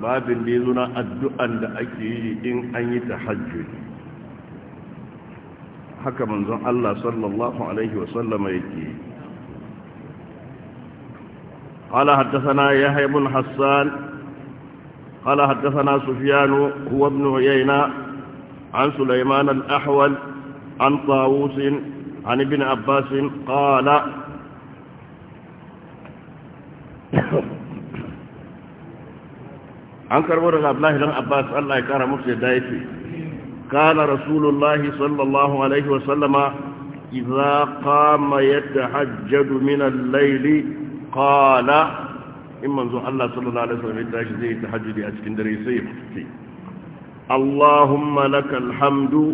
babin da ya zuna addu'an da ake yi in an yi hajji haka manzon Allah sallallahu alaihi wasallama yake yi قال حدثنا يحيى بن حسان قال حدثنا سفيان هو ابن عيينة عن سليمان الأحول عن طاووس عن ابن عباس قال an karbo daga abdullahi dan abbas allah ya kara musu yadda yake kana rasulullahi sallallahu alaihi wa sallama idza qama yatahajjadu min al-layli qala in manzo allah sallallahu alaihi wa sallam tashi zai yi tahajjudi a cikin dare sai ya ce allahumma lakal hamdu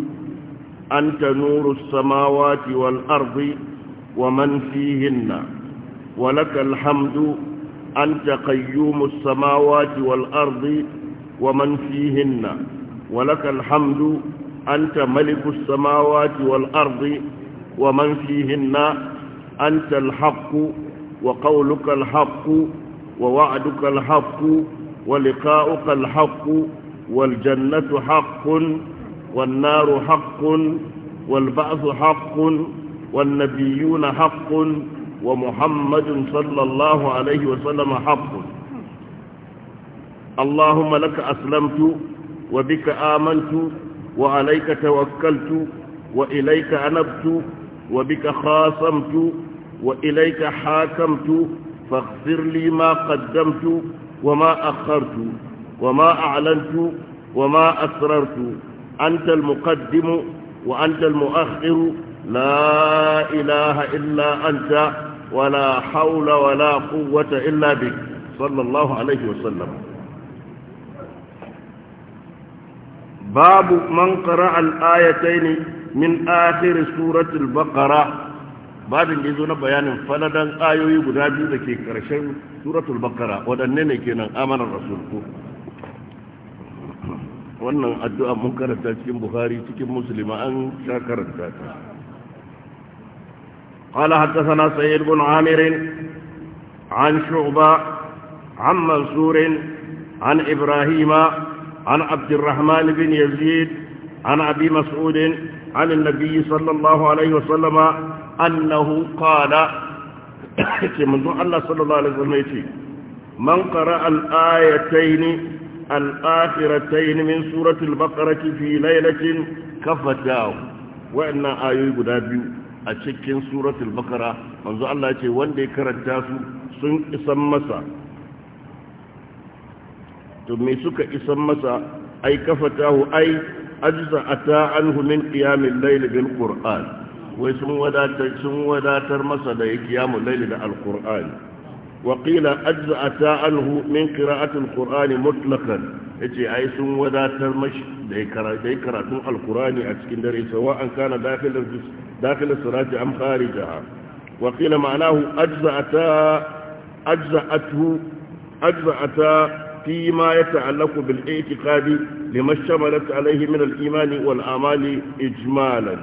anta nuru as-samawati wal ardi wa man fihinna ولك alhamdu. أنت قيوم السماوات والأرض ومن فيهن ولك الحمد أنت ملك السماوات والأرض ومن فيهن أنت الحق وقولك الحق ووعدك الحق ولقاؤك الحق والجنة حق والنار حق والبعث حق والنبيون حق ومحمد صلى الله عليه وسلم حق اللهم لك أسلمت وبك آمنت وعليك توكلت وإليك أنبت وبك خاصمت وإليك حاكمت فاغفر لي ما قدمت وما أخرت وما أعلنت وما أسررت أنت المقدم وأنت المؤخر لا إله إلا أنت ولا حول ولا قوة إلا بك صلى الله عليه وسلم باب من قرأ الآيتين من آخر سورة البقرة بعد الإذن بيان فلدا آيو يبنابي لكي كرشن سورة البقرة ودنني كينا آمن الرسول wannan addu'a mun karanta cikin buhari cikin musulma an sha karanta ta قال حدثنا سيد بن عامر عن شعبة عن منصور عن إبراهيم عن عبد الرحمن بن يزيد عن أبي مسعود عن النبي صلى الله عليه وسلم أنه قال منذ الله صلى الله عليه وسلم من قرأ الآيتين الآخرتين من سورة البقرة في ليلة كفتاه وإن آيوي قدابيو a cikin suratul bakara manzo Allah ya ce wanda ya karanta su sun isan masa to me suka isan masa ai kafatahu ai ajza ata anhu min qiyamil layl bil qur'an wai sun wadatar sun wadatar masa da qiyamul layl da alqur'ani وقيل أجزأتا عنه من قراءة القرآن مطلقا يتي أي سن ودا ترمش دي القرآن القرآن أتكندري سواء كان داخل داخل الصلاة أم خارجها وقيل معناه أجزأتا أجزأته أجزأتا فيما يتعلق بالاعتقاد لما اشتملت عليه من الإيمان والأعمال إجمالا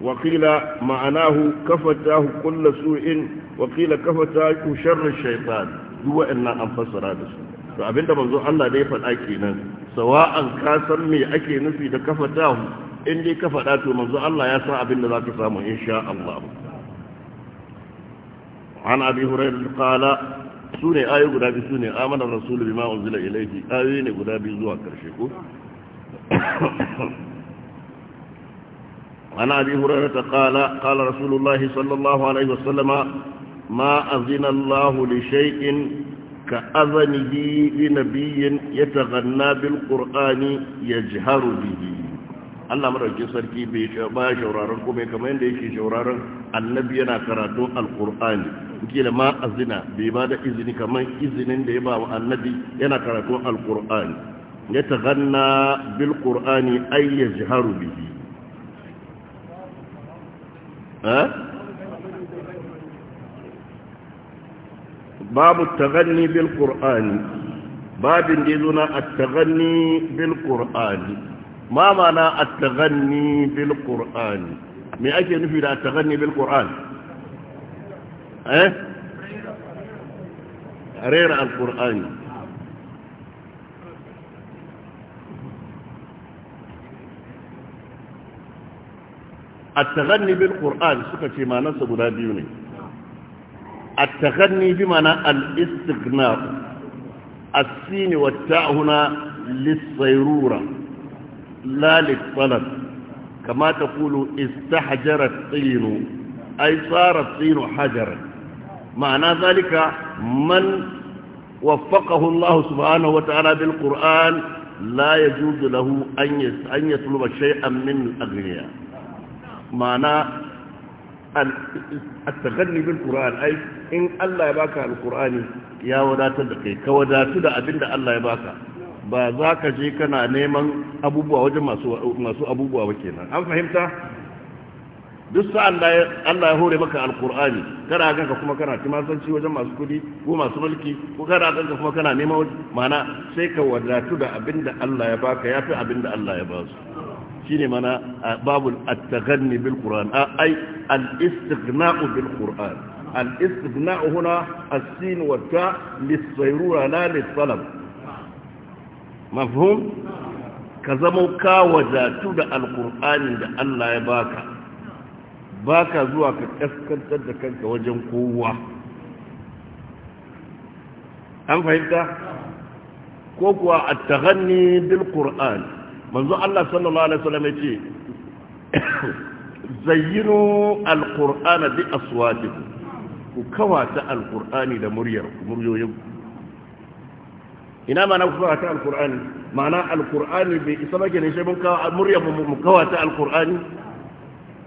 وقيل معناه كفتاه كل سوء Waƙila kafa ta ku sharri shaitan duk wa'annan an fassara da su to abinda manzo Allah dai faɗa kenan sawa'an ka san me ake nufi da kafa ta in dai ka faɗa to manzo Allah ya san abinda zaka samu insha Allah an abi hurairah qala sune ayu guda biyu sune amana rasulu bima unzila ilayhi ayoyi ne guda biyu zuwa karshe ko عن أبي هريرة قال قال رسول الله صلى الله عليه وسلم ما أذن الله لشيء كأذنه لنبي يتغنى بالقرآن يجهر به Allah madaukin sarki bai ba shauraron kuma kamar yadda yake shauraron annabi yana karatun alkur'ani kila ma azina bai ba da izini kamar izinin da ya ba wa annabi yana karatun alkur'ani ya taganna bil qur'ani ay jiharu bihi babu taganni bil qur'ani babin da yazo na at-taganni bil qur'ani ma mana at-taganni bil qur'ani me ake nufi da at-taganni bil qur'ani eh rera al-qur'ani التغني بالقرآن سكتي ما نسب لا ديوني التغني بمعنى الاستغناء السين والتاء هنا للصيرورة لا للطلب كما تقول استحجر الطين أي صار الطين حجرا معنى ذلك من وفقه الله سبحانه وتعالى بالقرآن لا يجوز له أن يطلب شيئا من الأغنياء معنى التغني بالقرآن أي إن الله يباك القرآن يا وداتك كودات دا Allah ya baka. ba za ka je kana neman abubuwa wajen masu abubuwa ba kenan an fahimta duk sa'an da Allah ya hore maka alkur'ani kana ganka kuma kana timasanci wajen masu kudi ko masu mulki ko kana ganka kuma kana neman mana sai ka wadatu da abin da Allah ya baka yafi abin da Allah ya ba su shine mana babul at-taghanni bil qur'an ay al-istighna'u bil qur'an al-istighna'u huna as-sin wa ta lis-sayrura la lis-salam mafhum ka zama ka wadatu da alqur'anin da Allah ya baka baka zuwa ka kaskantar da kanka wajen kowa an fahimta ko kuwa at-taghanni bil qur'an manzo Allah sallallahu alaihi wasallam yace zayyinu alqur'ana bi aswatikum ku kawata alqur'ani da muryar muryoyin ina ma ku kawata alqur'ani ma'ana alqur'ani bai isa ba ne sai mun kawo muryar mu kawata alqur'ani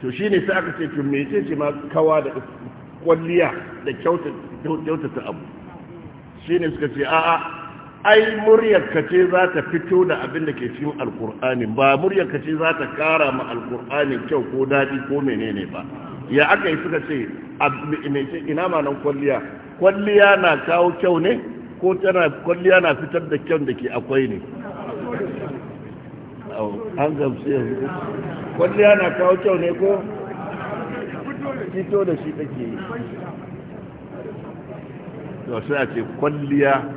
to shi ne sai aka ce tun me ce ma kawa da kwalliya da kyautata abu Shi ne suka ce a'a ai muryarka ce za ta fito da abin da ke cikin alkur'ani ba muryarka ce za ta kara ma alkur'ani kyau ko daɗi ko menene ba ya aka yi suka ce ina ma nan kwalliya kwalliya na kawo kyau ne ko tana kwalliya na fitar da kyau da ke akwai ne an gamsu yanzu kwalliya na kawo kyau ne ko fito da shi take yi to sai a ce kwalliya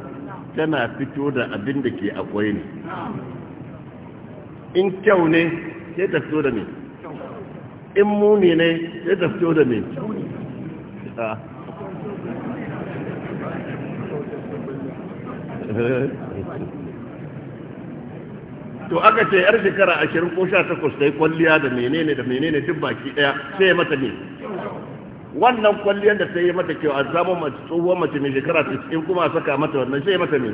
tana fito da abin da ke akwai ne in kyau ne sai ta fito da ne in muni ne sai ta fito da ne ah. to aka ce yar shekara ashirin ko sha takwas ta yi kwalliya da menene da menene duk baki daya sai mata ne wannan kwalliyar da ta yi mata kyau a samun mace tsohuwar mace mai shekara 90 kuma a saka mata wannan sai mata ne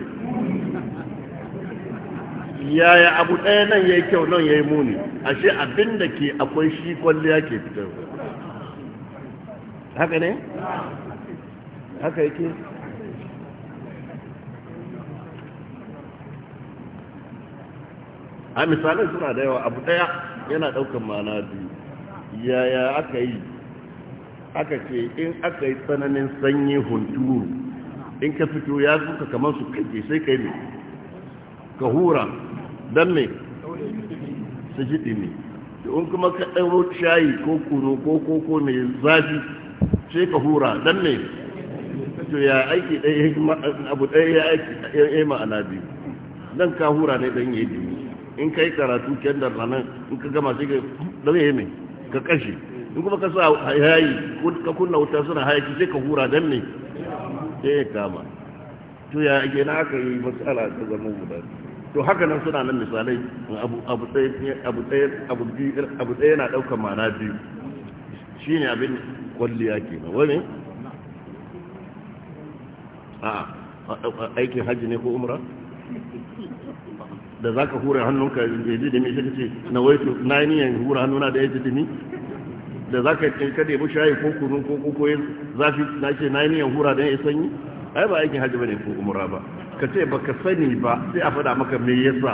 yaya abu ɗaya nan ya yi kyau nan ya yi muni ashe abin da ke akwai shi kwalliya ke fitar haka ne? haka yake a misalin suna da yawa abu ɗaya yana ɗaukar mana biyu yaya aka yi aka ce in aka yi tsananin sanyi hunturu in ka fito ya zuka kamar su kake sai ka yi ne ka hura don ne su ji ɗini in kuma ka ɗauro shayi ko kuno ko koko mai zafi sai ka hura don ne to ya aiki ɗaya abu ɗaya ya aiki ya ma'ana biyu don ka hura ne don yi jini in ka yi karatu kyan da ranar in ka gama sai ka ɗaya ne ka kashe in kuma ka sa hayayi ka kunna wuta suna hayaki sai ka hura don ne ya yi kama to ya ake na aka yi matsala ta zama guda to haka nan suna nan misalai abu tsaye na ɗaukar mana biyu shi ne abin kwalliya ke na wani a aikin hajji ne ko umra da za ka hura hannunka ya ji dimi shi ce na waito na yi niyan hura hannuna da ya ji dimi da za ka yi kada ya shayi ko kunu ko koko ya zafi na ce na yi niyan hura don ya sanyi ai ba aikin hajji ba ne ko umura ba ka ce ba ka sani ba sai a faɗa maka me yasa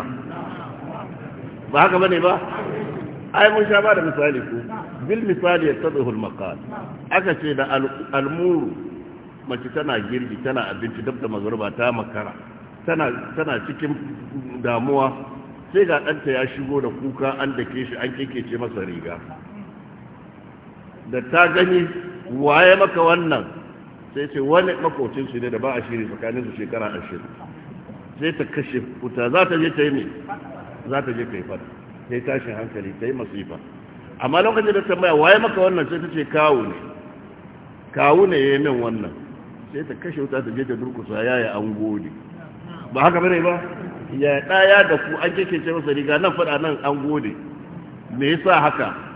ba haka ba ne ba ai mun sha ba da misali ko bil misali ya tabi hulmakal aka ce da almuru mace tana girki tana abinci dab da mazurba ta makara tana cikin damuwa sai ga ɗanta ya shigo da kuka an dake shi an kekece masa riga da ta gani waye maka wannan sai ce wani makocin ne da ba a shiri tsakanin su shekara ashirin sai ta kashe wuta za ta je ta yi me za ta je ta yi fada ta yi tashin hankali ta yi masifa amma lokacin da maya waye maka wannan sai ta ce kawo ne kawo ne ya yi min wannan sai ta kashe wuta ta je ta durkusa yi an gode ba haka bane ba ya ɗaya da ku an keke ce masa riga nan faɗa nan an gode me yasa haka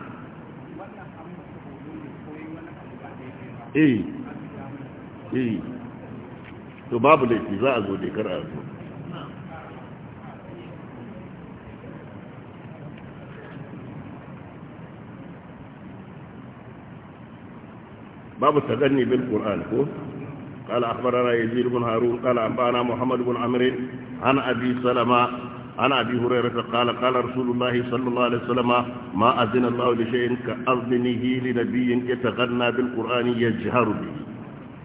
Eh. Eh. to babu da za a zo da kar a zo babu ta gani bil qur'an ko qala akhbarana yazid ibn harun qala anna muhammad ibn amr an abi salama عن أبي هريرة قال قال رسول الله صلى الله عليه وسلم ما أذن الله لشيء كأذنه لنبي يتغنى بالقرآن يجهر به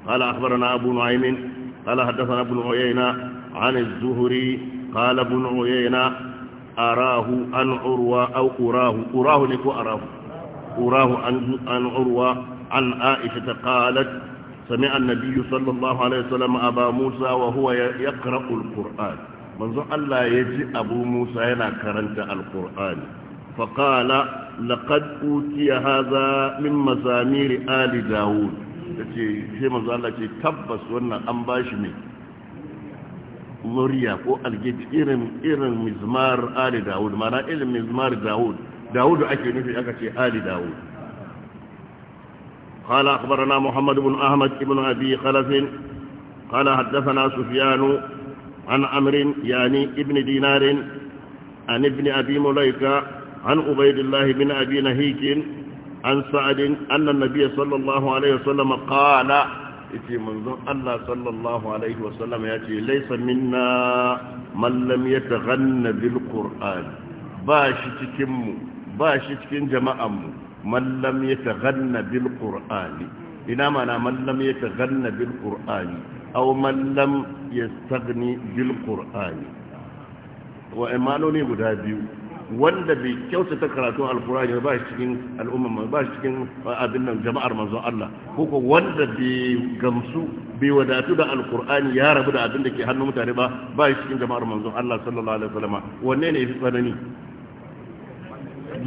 قال أخبرنا أبو نعيم قال حدثنا ابن عيينة عن الزهري قال ابن عيينة أراه أن عروة أو أراه أراه لك أراه أراه أن عروة عن عائشة قالت سمع النبي صلى الله عليه وسلم أبا موسى وهو يقرأ القرآن manzon Allah ya ji abu Musa yana karanta alkur'ani faƙala laƙad utiya haza min mazamiri ali dawud da ce sai manzon Allah ce tabbas wannan an ba shi ne murya ko algid irin irin mizmar ali dawud mana irin mizmar dawud dawud ake nufi aka ce ali dawud قال أخبرنا محمد بن أحمد بن أبي خلف قال حدثنا سفيان عن عمرو يعني ابن دينار عن ابن أبي مليكة عن عبيد الله بن أبي نهيك عن سعد أن النبي صلى الله عليه وسلم قال إتي منظر الله صلى الله عليه وسلم يأتي ليس منا من لم يتغن بالقرآن باش تكم باش تكن جماعة من لم يتغن بالقرآن إنما من لم يتغن بالقرآن aw man lam yastaghni bil qur'ani wa imanoni guda biyu wanda bai kyautata karatun alkurani ba shi cikin al'umma ba shi cikin abin nan jama'ar manzon Allah ko ko wanda bai gamsu bai wadatu da alkurani ya rabu da abin da ke hannun mutane ba ba shi cikin jama'ar manzon Allah sallallahu alaihi wasallam wanne ne yafi tsanani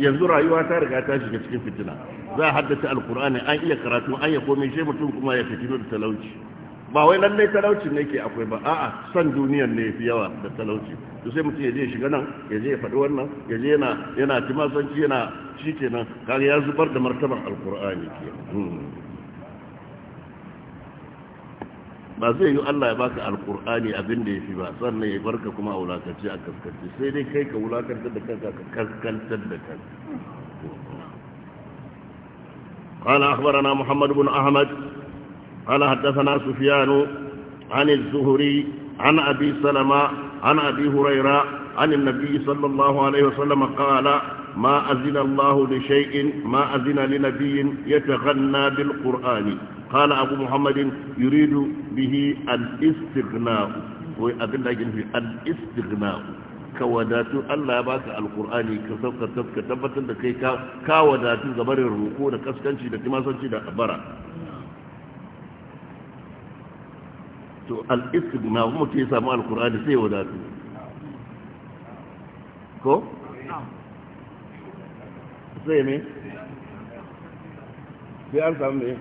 yanzu rayuwa ta riga ta shiga cikin fitina za a haddace alkurani an iya karatu an ya komai sai mutum kuma ya fitino da talauci ba wai lalle talauci ne ke akwai ba a'a san duniyar ne fi yawa da talauci to sai mutum ya je shiga nan ya je ya faɗi wannan ya je yana yana ci yana shi nan kaga ya zubar da martaban alkur'ani ke hmm. ba zai yi Allah ya baka alkur'ani abin da ya fi ba sannan ya barka kuma a wulakanci a kaskanci sai dai kai ka wulakantar da kanka ka kaskantar da kanka قال أخبرنا محمد بن أحمد قال حدثنا سفيان عن الزهري عن أبي سلمة عن أبي هريرة عن النبي صلى الله عليه وسلم قال ما أذن الله لشيء ما أذن لنبي يتغنى بالقرآن قال أبو محمد يريد به الاستغناء وأبن لكن في الاستغناء كوداتو الله باك القرآن كسوك تبك تبتا لكي كوداتو زبر الركوع كسكنشي لكما سنشي لأبرا to al-istigna kuma ke samu al-qur'ani sai wadatu ko sai ne? sai an samu ne?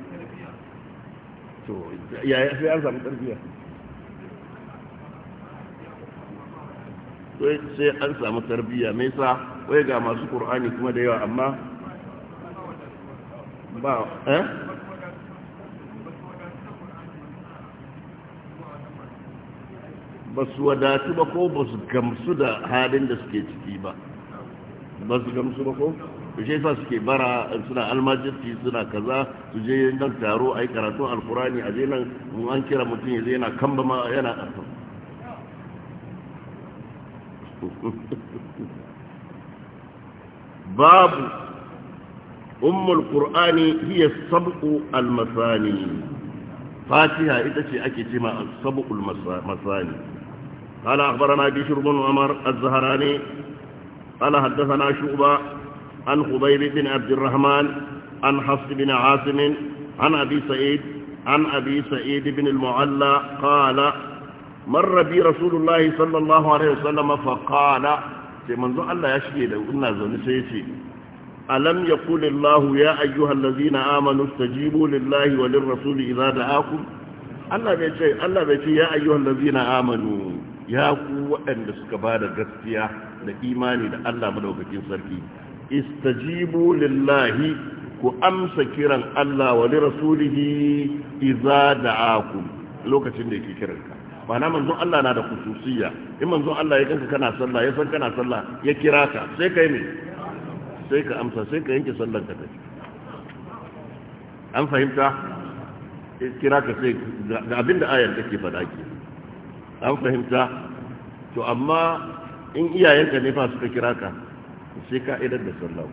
to ya sai an samu tarbiya sai an samu tarbiya me yasa wai ga masu qur'ani kuma da yawa amma ba eh ba su wadatu ba ko ba su gamsu da halin da suke ciki ba ba su gamsu ba ko da shi sa suke bara suna almajirci suna kaza su je nan taro a yi karatun alkurani a nan mu an kira mutum ya zai kan kamba ma yana ƙasa babu Umar qur'ani hiya sab'u almasani masani fatiha ita ce ake ce ma al-sab'u masani قال أخبرنا جشر بن عمر الزهراني قال حدثنا شعبة عن خبيب بن عبد الرحمن عن حفص بن عاصم عن أبي سعيد عن أبي سعيد بن المعلى قال مر بي رسول الله صلى الله عليه وسلم فقال منذ الله يشهد وإنا زنسيسي ألم يقول الله يا أيها الذين آمنوا استجيبوا لله وللرسول إذا دعاكم الله بيتي الله بيتي يا أيها الذين آمنوا ya ku waɗanda suka ba da gaskiya da imani da Allah madaukakin sarki istajibu lillahi ku amsa kiran Allah wa li rasulihi idza da'akum lokacin da yake kiranka Bana manzo Allah na da khususiyya in manzo Allah ya kanka kana sallah ya san kana sallah ya kira ka sai kai ne sai ka amsa sai ka yanke sallar ka tafi an fahimta kira ka sai ga abinda ayar take faɗa ke an fahimta to amma in iyayenka ne fa suka kira ka sai ka idar da sallah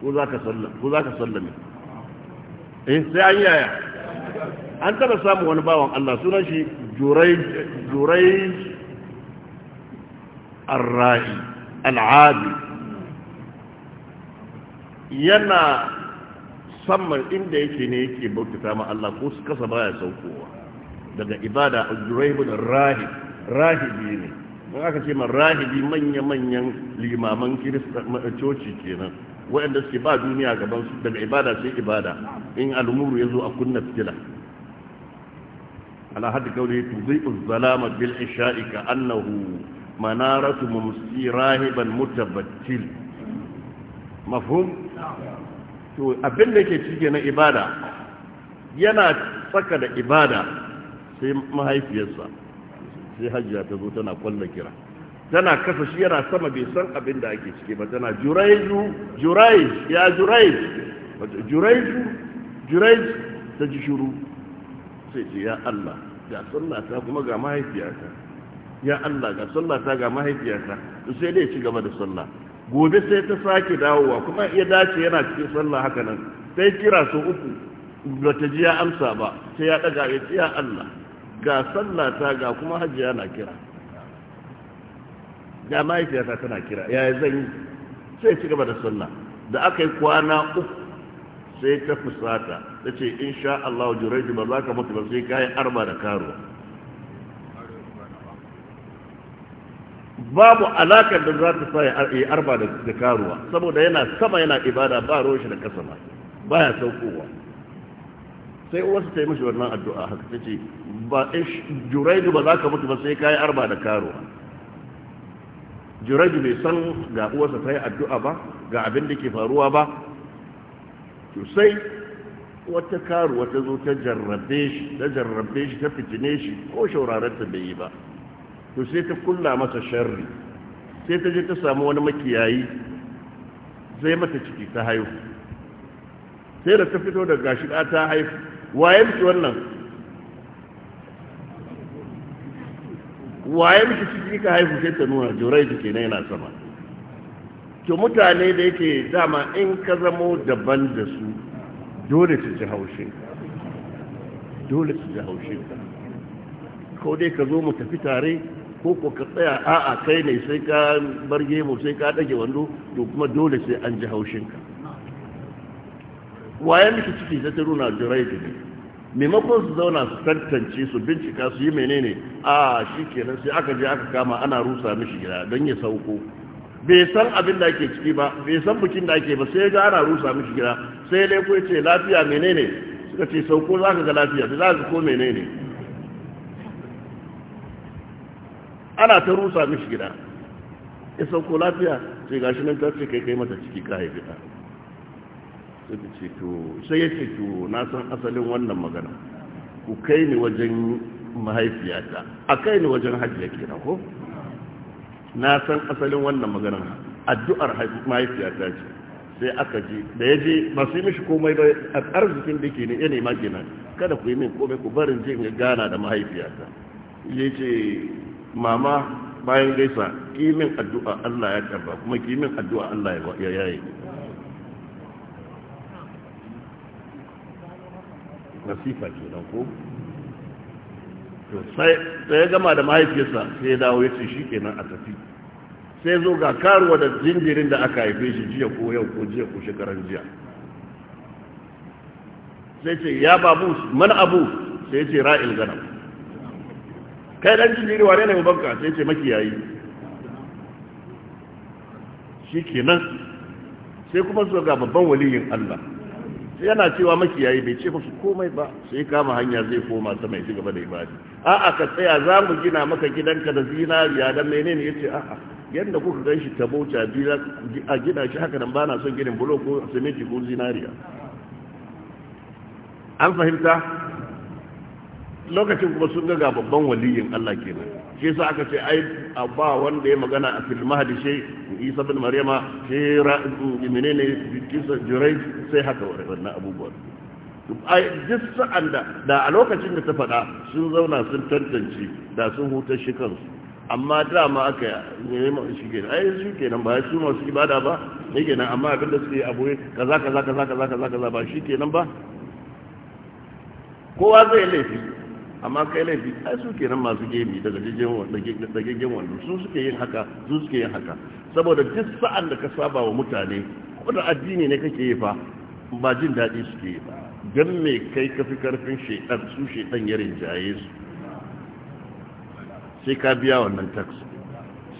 ko za ka sallah ko sallame eh sai an yaya an taba samu wani bawan Allah sunan shi jurai jurai al'adi yana samman inda yake ne yake bautata ma Allah ko su kasa baya saukowa daga ibada al juraibun rahib rahibi ne in aka ce man rahibi manya-manyan limaman kirista coci kenan waɗanda suke ba duniya gaban su daga ibada sai ibada in al'umuru ya zo a kunna fitila ala hadda kaure zai uzzalama bil isha'i ka annahu manaratu mumsi rahiban mutabattil mafhum to abin da yake cike na ibada yana tsaka da ibada sai mahaifiyarsa sai hajjiya ta zo tana kwallon kira tana kasa shi yana sama bai san abin da ake ciki ba tana juraiju juraij ya juraij juraiju juraij ta ji shuru sai ce ya Allah ga sallata kuma ga mahaifiyarsa. ya Allah ga sallata ga mahaifiyarsa. to sai dai ci gaba da sallah gobe sai ta sake dawowa kuma ya dace yana cikin sallah haka nan sai kira su uku ba ta ji ya amsa ba sai ya daga ya ce ya Allah ga sallata ga kuma hajjiya na kira da mahaifiyata tana kira yaya zan yi sai ci gaba da sallah da aka yi kwana uku sai ta fusata ta ce in sha Allah jureji ba za ka mutu ba sai ka yi arba da karuwa babu alakar da za ta sa arba da karuwa saboda yana sama yana ibada ba roshi da kasa ba ya saukowa sai wasu ta yi mashi wannan addu'a haka ta ce ba ba za ka mutu ba sai kayi arba da karuwa juraidu bai san ga uwarsa ta yi addu'a ba ga abin da ke faruwa ba sai wata karuwa ta zo ta jarrabe shi ta jarrabe shi ta fitine shi ko shauraren ta bai yi ba to sai ta kulla masa sharri sai ta je ta samu wani makiyayi zai mata ciki ta haihu sai da ta fito daga shi ta haihu waye mutu wannan waye miki ciki ka haihu sai ta nuna jorai da kenan yana sama to mutane da yake dama in ka zamo daban da su dole su ji haushin dole su ji haushin ko dai ka zo mu tafi tare ko ko ka tsaya a'a kai ne sai ka bar gemu sai ka dage wando to kuma dole sai an ji haushin ka waye miki ciki sai ta nuna jorai da ne maimakon su zauna su tantance su bincika su yi menene a shi kenan sai aka je aka kama ana rusa mishi gida don ya sauko bai san abin da ake ciki ba bai san bikin da ake ba sai ga ana rusa mishi gida sai dai ko ce lafiya menene suka ce sauko za ka ga lafiya da za ka ko menene ana ta rusa mishi gida ya sauko lafiya sai gashi nan ta ce kai kai mata ciki ka haifi ta suka ce to sai ya ce to na san asalin wannan magana ku kai ni wajen mahaifiyata a kai ni wajen hajiya kenan ko na san asalin wannan magana addu'ar mahaifiyata ce sai aka ji da ya je ba su yi mishi komai ba a arzikin da ke ne ya nema kada ku yi min komai ku barin jin ya gana da mahaifiyata ya ce mama bayan gaisa yi min addu'a Allah ya karba kuma ki min addu'a Allah ya yaye kasifa ke nan ko sai ya gama da mahaifiyarsa sai ya dawo ya ce shi kenan a tafi sai zo ga karuwa da jinjirin da aka haife shi jiya ko yau ko jiya ko shekaran jiya sai ce ya babu man abu sai ya ce ra'il ganam kai dan jinjiri wane ne babka sai ce makiyayi shi kenan sai kuma zo ga babban waliyin Allah yana cewa makiyayi bai ce musu komai ba sai kama hanya zai koma ta mai cigaba da ibadi a'a ka tsaya za mu gina maka gidanka da zinariya dan menene ya ce a'a yadda kuka gan shi ta bauta a gina shi haka nan ba na son ginin bulo ko siminti ko zinariya an fahimta lokacin kuma sun ga babban waliyin Allah kenan shi yasa aka ce ai ba wanda ya magana a fil mahdi shi isa bin maryama shi menene kisa jurai sai haka wannan abubuwan duk sa'an da da a lokacin da ta faɗa sun zauna sun tantance da sun hutar shi kansu amma dama aka yi shi ke ai shi ke nan ba su masu ibada ba ne ke nan amma abinda suke abuwe kaza kaza kaza kaza kaza ba shi ke nan ba kowa zai laifi amma kai laifi ai su kenan masu gemi daga jirgin wando su suke yin haka su suke yin haka saboda duk sa'an da ka saba wa mutane kuma addini ne kake yi fa ba jin daɗi suke yi ba don me kai ka fi karfin shaidan su shaidan ya rinjaye su sai ka biya wannan tax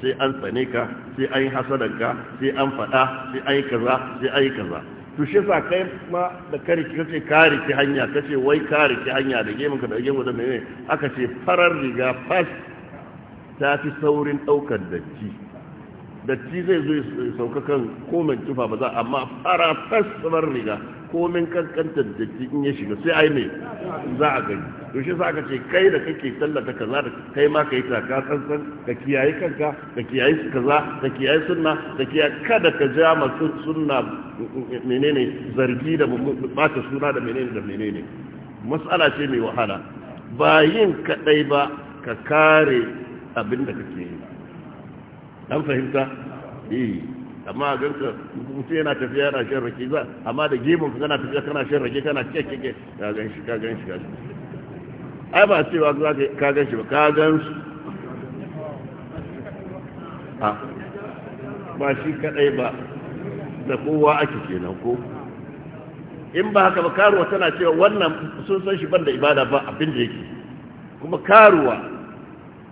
sai an tsane ka sai an yi hasadanka sai an faɗa sai an yi kaza sai an yi kaza to shi yasa kai ma da kare ki kace kariki hanya kace wai kare ki hanya da gemin ka da gemun da mai aka ce farar riga fas ta fi saurin daukar datti datti zai zo sauka kan komen kifa ba za amma fara fas farar riga komin kankantar da in ya shiga sai ai mai za a gani to shi sa aka ce kai da kake tallata kaza da kai ma kai ta ka tsantsan ka kiyaye kanka ka kiyaye kaza ka kiyaye sunna ka kiyaye kada ka ja ma sunna menene zargi da bata suna da menene da menene mas'ala ce mai wahala ba yin kadai ba ka kare abin da kake yi an fahimta eh amma a ganka mutum yana tafiya yana shan rake za amma da gemun ka kana tafiya kana shan rake kana kekeke ka gan shi ka gan shi ka ai ba cewa za ka gan shi ba ka gan su ba shi kadai ba da kowa ake kenan ko in ba haka ba karuwa tana cewa wannan sun san shi banda ibada ba abin da yake kuma karuwa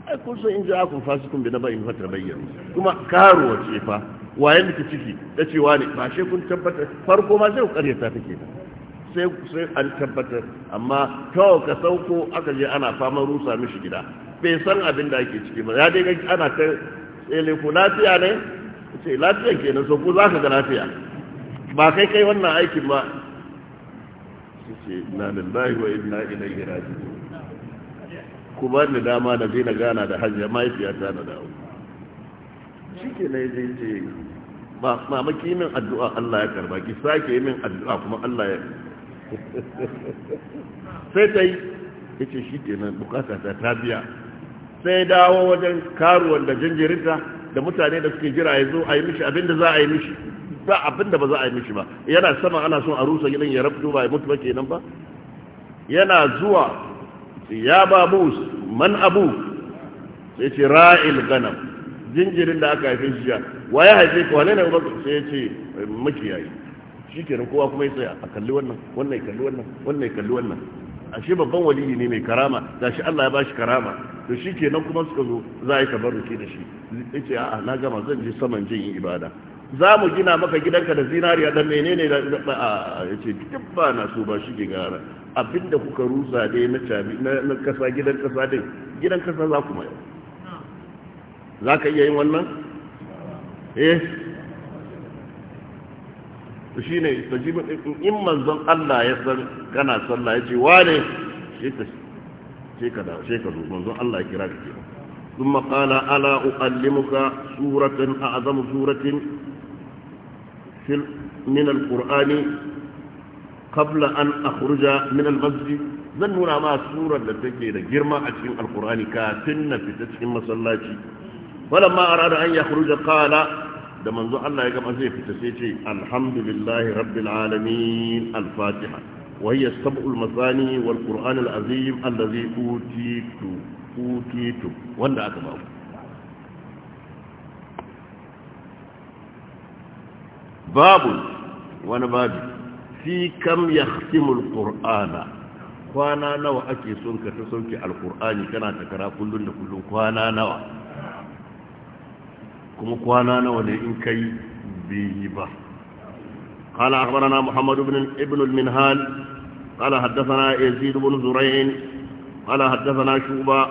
ai kun san in ji akun fasikun bi na ba in fata bayyana kuma karuwa ce fa waye ke ciki ta ce wani ba shi kun tabbatar farko ma zai ku ta take sai sai an tabbatar amma kawai ka sauko aka je ana fama rusa mishi gida bai san abin da ake ciki ba ya dai ga ana ta tsele ku lafiya ne ce lafiyan nan sauko za ka ga lafiya ba kai kai wannan aikin ba su ce na lillahi wa inna ilaihi raji'un ku ba ni dama na je na gana da hajjia mahaifiyata na dawo shi ke na yi ce ba mamaki min addu'a Allah ya karba ki sake min addu'a kuma Allah ya sai ta yi ya ce shi ke na bukata ta tabiya sai dawo wajen karuwan da jinjirinta da mutane da suke jira ya zo a yi mishi abinda za a yi mishi ba abinda ba za a yi mishi ba yana sama ana son a rusa gidan ya rabu ba ya mutu ba kenan ba yana zuwa ya ba mus man abu sai ce ra'il ganam jinjirin da aka haife shi wa ya haife ku wane ne abubakar sai ya ce makiyayi shi kenan kowa kuma ya tsaya a kalli wannan wannan ya kalli wannan wannan ya kalli wannan ashe babban waliyi ne mai karama shi Allah ya bashi karama to shi kenan kuma suka zo za a yi tabarruki da shi ce a'a na gama zan je saman jin ibada za mu gina maka gidanka da zinariya da menene da a yace duk ba na so ba shi ke gara abinda kuka rusa dai na na kasa gidan kasa dai gidan kasa za ku mai za ka iya yin wannan? eh shi ne istajibin in manzon Allah ya san kana sallah ya ce wane sai ka da sai ka zo manzon Allah ya kira ka ke ثم قال ألا أعلمك سورة أعظم سورة في من القرآن قبل أن أخرج من المسجد zan nuna ma surar da take da girma a cikin alkur'ani kafin na fita cikin masallaci falamma da an yakhruja qala da manzo Allah ya gama zai fita sai ce alhamdulillahi rabbil alamin al-fatiha wa hiya sab'ul masani wal al-azim allazi utitu utitu wanda aka ba babu wani babu fi kam yahtimul qur'ana kwana nawa ake son ka ta sauke alkur'ani kana takara da kullun kwana nawa kuma kwana nawa ne in kai ba قال أخبرنا محمد بن ابن المنهال قال حدثنا يزيد بن زرين قال حدثنا شوبة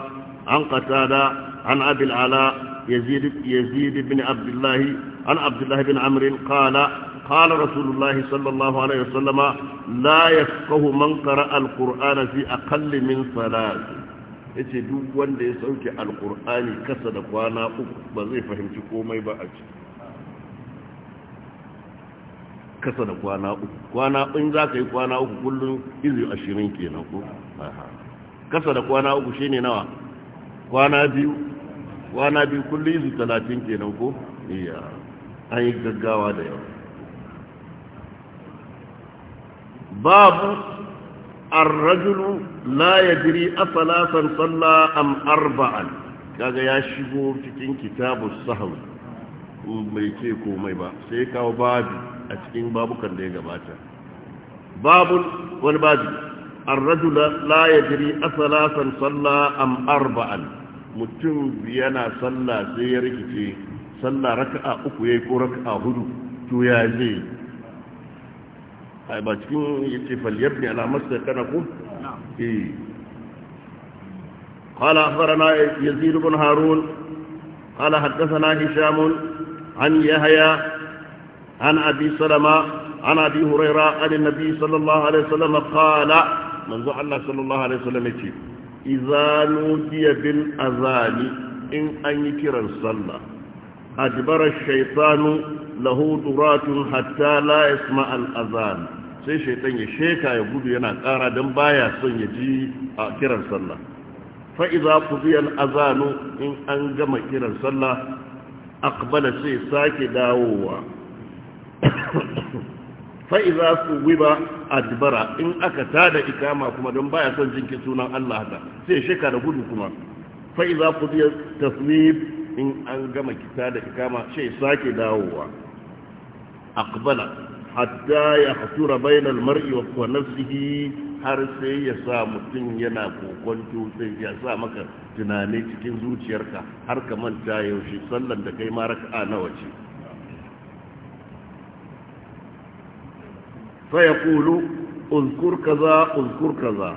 عن قتادة عن أبي العلاء يزيد, يزيد بن عبد الله عن عبد الله بن عمرو قال قال رسول الله صلى الله عليه وسلم لا يفقه من قرأ القرآن في أقل من ثلاث ya ce duk wanda ya sauke alkur'ani kasa da kwana uku ba zai fahimci komai ba a ciki kasa da kwana uku kwana in za ka yi kwana uku kullum izu ashirin kenan ko kasa da kwana uku shine nawa kwana biyu kwana biyu kullum izu talatin kenan ko iya an yi gaggawa da yawa babu la الرجل لا يدري أثلاثا صلى أم أربعا kaga ya shigo cikin kitabus sahwi mai ce komai ba sai kawo babu a cikin babukan da ya gabata babun wani babu ar-rajula la a asalatan Sallah am arba'an mutum yana Sallah sai ya rikice salla raka'a uku ya yi ko raka'a hudu to ya zai a ba cikin yace faliyar ne alamarsa kana ko? e eh. kala fara na ya bin harun kala haddasa na hishamun an yi an abi salama an abi huraira alin nabi sallallahu alaihi salama kala manzo Allah sallallahu bin azani in an yi kiran sallah adibarar shaitanu lahu turatun hatta la yasma al-azan sai shaytan ya sheka ya gudu yana kara dan baya son ya ji a kiran sallah fa idza qudiya al-azan in an gama kiran sallah aqbala sai sake dawowa fa idza suwiba adbara in aka tada ikama kuma don baya son ki sunan Allah haka sai sheka da gudu kuma fa idza qudiya tasnib in an gama kita da ikama sai sake dawowa aqbala hatta ya khatura bainal mar'i wa nafsihi har sai ya sa mutum yana kokonto sai ya sa maka tunani cikin zuciyarka har ka manta yaushe sallan da kai ma raka'a nawa ce fa yaqulu uzkur kaza uzkur kaza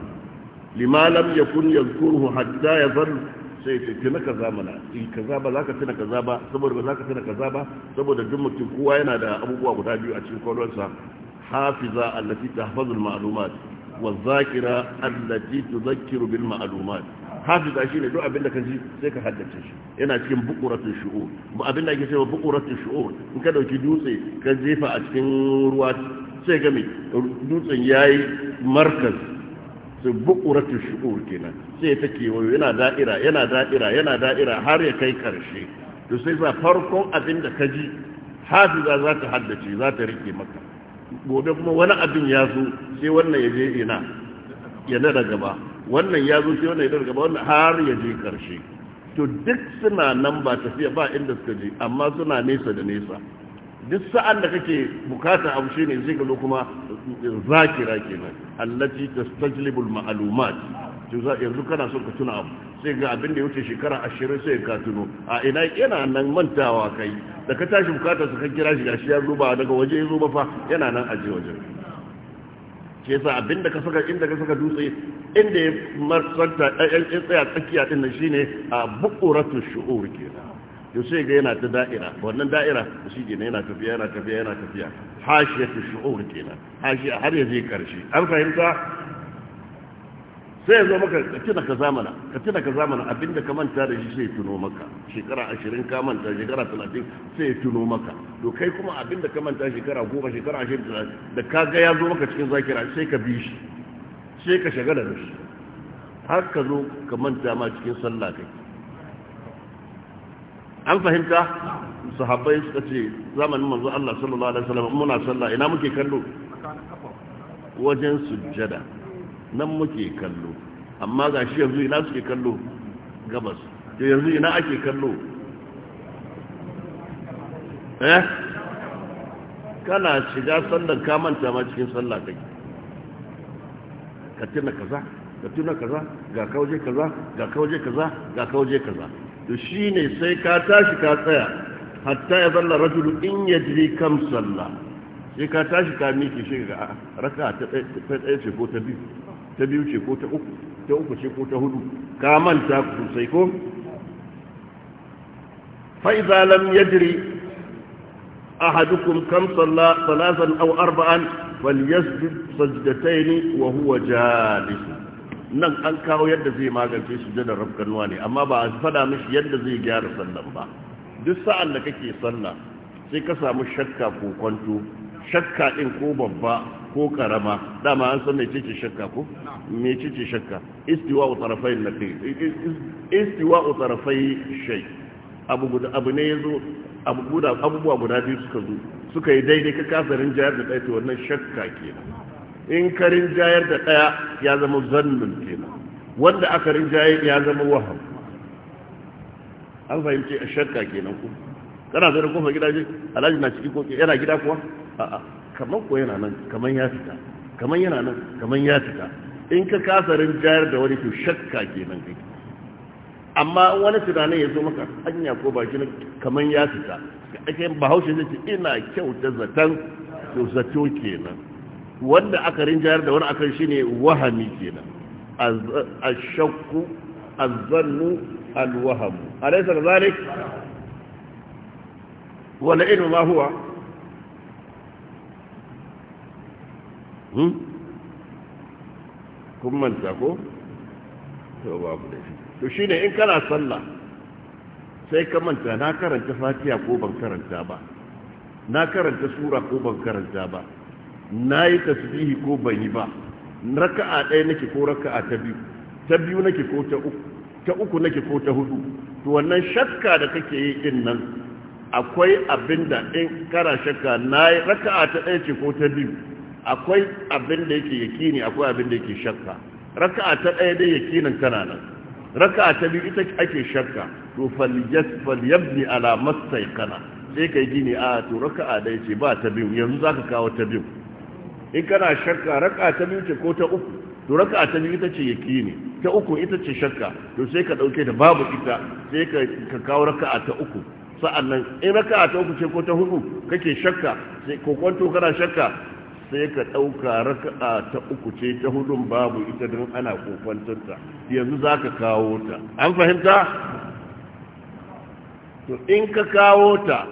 lima lam yakun yadhkuruhu hatta yazal sai ce na kaza mana in eh, kaza ba za ka na kaza ba saboda ba za ka na kaza ba saboda duk mutum kowa yana da abubuwa guda biyu a cikin kwallonsa hafiza allati tahfazul ma'lumat wa zakira allati tudhakkiru bil ma'lumat hafiza shine duk abin da ka ji sai ka haddace shi yana cikin buquratul shu'ur ba abin da ake cewa buquratul shu'ur in ka dauki dutse ka jefa a cikin ruwa sai ga me dutsen yayi markaz bukuratu shu'ur kenan sai ta kewayo yana da'ira yana da'ira yana da'ira har ya kai karshe to sai za farkon abin da ka ji hafiza za ta haddace za ta rike maka gobe kuma wani abin ya zo sai wannan ya je ina ya nada gaba wannan ya zo sai wannan ya nada gaba wannan har ya je karshe to duk suna nan ba tafiya ba inda suka je amma suna nesa da nesa duk sa'an da kake bukata abu shi ne zai gano kuma zakira kenan allati tastajlibul ma'lumat to za yanzu kana son ka tuna abu sai ga abin da ya wuce shekara ashirin sai ka tuno a ina yana nan mantawa kai da ka tashi bukata su ka kira shi gashi ya ruba daga waje ya zo ba fa yana nan aje waje Ke sa abin da ka saka inda ka saka dutse inda ya marsanta ɗayan tsaya tsakiya ɗin nan shine a bukuratu shu'ur kenan to sai ga yana ta da'ira wannan da'ira shi ke yana tafiya yana tafiya yana tafiya hashiyatu shu'ur kenan hashiya har ya karshe an fahimta sai ya zo maka ka tuna ka zamana ka tuna ka zamana abinda ka manta da shi sai tuno maka shekara ashirin ka manta shekara talatin sai ya tuno maka to kai kuma abinda ka manta shekara goma shekara ashirin da ka ga ya zo maka cikin zakira sai ka bi shi sai ka shagala da shi har ka zo ka manta ma cikin sallah kai an fahimta sahabbai suka ce zamanin manzo Allah sallallahu alaihi wasallam muna sallah ina muke kallo wajen sujjada nan muke kallo amma ga shi yanzu ina suke kallo gabas to yanzu ina ake kallo eh kana shiga sallar ka manta ma cikin sallah kai ka tuna kaza ka tuna kaza ga kauje kaza ga kauje kaza ga kauje kaza to ne sai ka tashi ka tsaya hatta ya zalla rajulu in ya yajri kam sallah. sai ka tashi ka miki shi ga raka ta tsaye ce ko ta biyu ta biyu ce ko ta uku ta uku ce ko ta hudu ka manta ku sai ko fa ya lam a hadukun kam sallah salatan au arba'an falyasjud sajdatayn wa huwa jalis nan an kawo yadda zai magance jadar rafkanuwa ne amma ba a fada mishi yadda zai gyara sallan ba duk sa'an da kake sallah sai ka samu shakka ko kwanto shakka din ko babba ko karama dama an san ce shakka ko ce shakka istiwa'u tarafayn na istiwa'u istiwa shai abu ne ya zo abubuwa guda biyu suka zo suka yi daidai ka kasarin jayar da ɗaya wannan shakka kenan in ka rinjayar da ɗaya ya zama zannun kenan wanda aka rinjaye ya zama waham an fahimci a shakka kenan ku kana zai da kofar ce alhaji na ciki ko yana gida kuwa a'a kamar ko yana nan kamar ya fita kamar yana nan kamar ya fita in ka kasa rinjayar da wani to shakka kenan kai amma wani tunanin ya zo maka hanya ko baki na kamar ya fita ake bahaushe zai ce ina kyauta zaton to zato kenan wanda aka rinjayar da wani akan ne wahami kenan zannu azzannu alwaham alaysa kadhalik wala ilmu ma huwa hmm? kun manta ko to ku da shi to shine in kana sallah sai ka manta na karanta fatiha ko ban karanta ba na karanta sura ko ban karanta ba na yi tasbihi ko ban yi ba raka'a ɗaya nake ko raka'a ta biyu ta biyu nake ko ta uku ta uku nake ko ta hudu to wannan shakka da kake yi din nan akwai abinda in kara shakka na yi raka'a ta ɗaya ce ko ta biyu akwai abinda yake yakini akwai abinda yake shakka raka'a ta ɗaya dai yakinin kana nan raka'a ta biyu ita ake shakka to yabni ala mastaykana sai kai gini a to raka'a ɗaya ce ba ta biyu yanzu zaka kawo ta biyu in kana shakka raka ta biyu ce ko ta uku to raka ta biyu ita ce yakini ta uku ita ce shakka to sai ka dauke da babu ita sai ka kawo raka ta uku sa'annan in raka ta uku ce ko ta hudu kake shakka sai ko kwanto kana shakka sai ka dauka raka ta uku ce ta hudun babu ita don ana kokwantar ta yanzu zaka kawo ta an fahimta to in ka kawo ta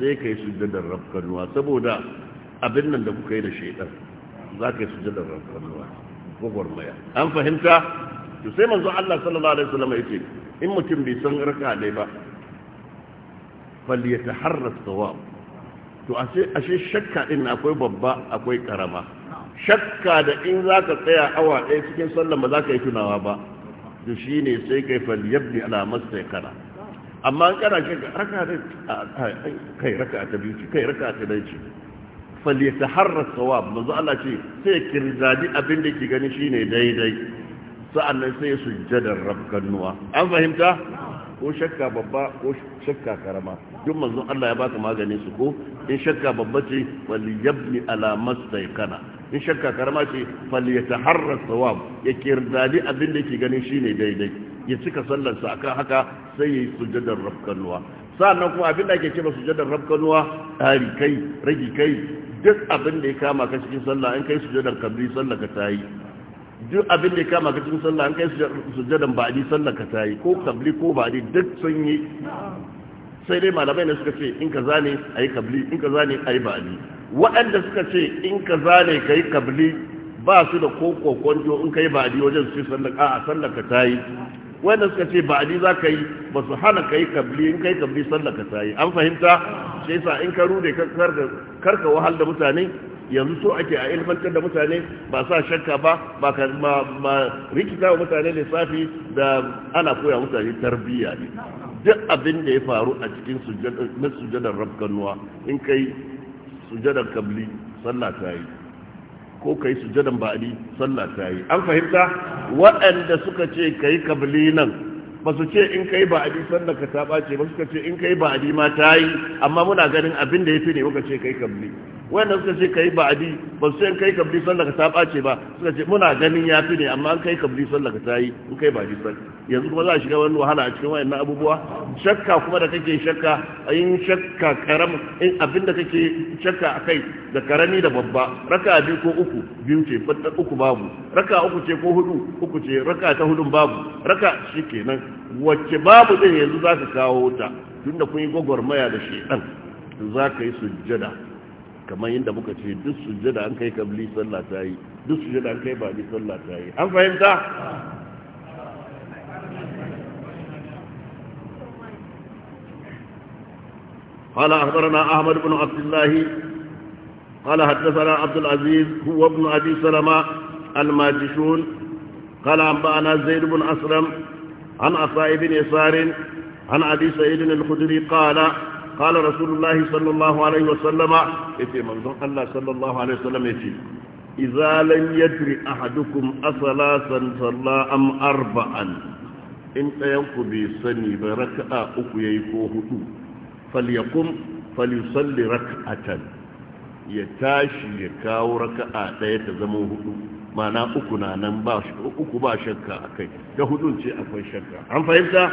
sai ka yi sujjadar rafkanuwa saboda abin nan da kuka yi da shaidan za ka yi rantarwa rantsuwa maya. an fahimta to sai manzo Allah sallallahu alaihi wasallam ce. in mutum bai san raka ne ba bal yataharra thawab to ashe ashe shakka din akwai babba akwai karama shakka da in za ka tsaya awa ɗaya cikin sallar ba za ka yi tunawa ba to ne sai kai fal yabni ala kara amma an kana shakka raka kai raka ta biyu kai raka ta dai harar sawab manzo Allah ce sai ya kirzadi abin da ke gani shi ne daidai sa'annan sai sujjadar rabkanuwa an fahimta ko shakka babba ko shakka karama duk manzo Allah ya ka magani su ko in shakka babba ce alamar sai kana. in shakka karama ce harar sawab ya kirzadi abin da ke gani shi ne daidai ya cika sallarsa akan haka sai ya sujjadar Sa'an sa'annan kuma abin da ake ce ba sujjadar rabkanuwa tari kai ragi kai duk abin da ya kama ka cikin sallah an kai sujadar kabri sallah ka tayi duk abin da ya kama ka cikin sallah an kai sujadar ba'di sallah ka tayi ko kabri ko ba'di duk sun yi sai dai malamai ne suka ce in ka zane ayi kabri in ka zane ayi ba'di waɗanda suka ce in ka zane kai kabri ba su da koko kwanto in kai ba'di wajen su sallah a sallah ka tayi wanda suka ce ba'di za ka yi ba su hana kai kabli in kai kabli sallah ka tayi an fahimta sai sa in ka rude ka karga karka wahal da mutane yanzu so ake a ilmantar da mutane ba sa shakka ba ba ka ma rikita wa mutane lissafi da ana koya mutane tarbiyya ne duk abin da ya faru a cikin na sujadar rafkanuwa in kai sujadar kabli sallah ta yi ko kai sujadan ba'adi sallah ta yi an fahimta waɗanda suka ce kai kabli nan ba su ce in kai ba abi sannan ka ta ɓace ba suka ce in kai ba abi ma ta yi amma muna ganin abin da ya fi ne muka ce kai kamli wanda suka ce kai ba'adi ba su kai kabli sallah ka ta bace ba suka ce muna ganin ya fi ne amma an kai kabli sallah ka tayi in kai ba'adi sallah yanzu kuma za a shiga wani wahala a cikin wayannan abubuwa shakka kuma da kake shakka in shakka karam in abinda kake shakka akai da karami da babba raka biyu ko uku biyu ce fatta uku babu raka uku ce ko hudu uku ce raka ta hudun babu raka shi kenan wacce babu din yanzu za ka kawo ta tunda kun yi gwagwarmaya da shi ɗan? za ka yi sujjada kamar yadda muka ce duk sujjada an kai kabli sallah ta yi duk sujjada an kai bani sallah ta yi an fahimta قال أخبرنا أحمد بن عبد الله قال حدثنا عبد العزيز هو ابن أبي سلمة الماجشون قال أنبأنا زيد بن أسلم عن عطاء بن يسار عن أبي سعيد الخدري قال قال رسول الله صلى الله عليه وسلم يتي منظر الله صلى الله عليه وسلم يتي إذا لم يدري أحدكم أثلاثا صلى أم أربعا إن ينكو بسني بركعة أكو يكوه فليقم فليصلي ركعة يتاشي يكاو ركعة لا يتزموه mana uku na nan ba uku ba shakka akai da hudun ce akwai shakka an fahimta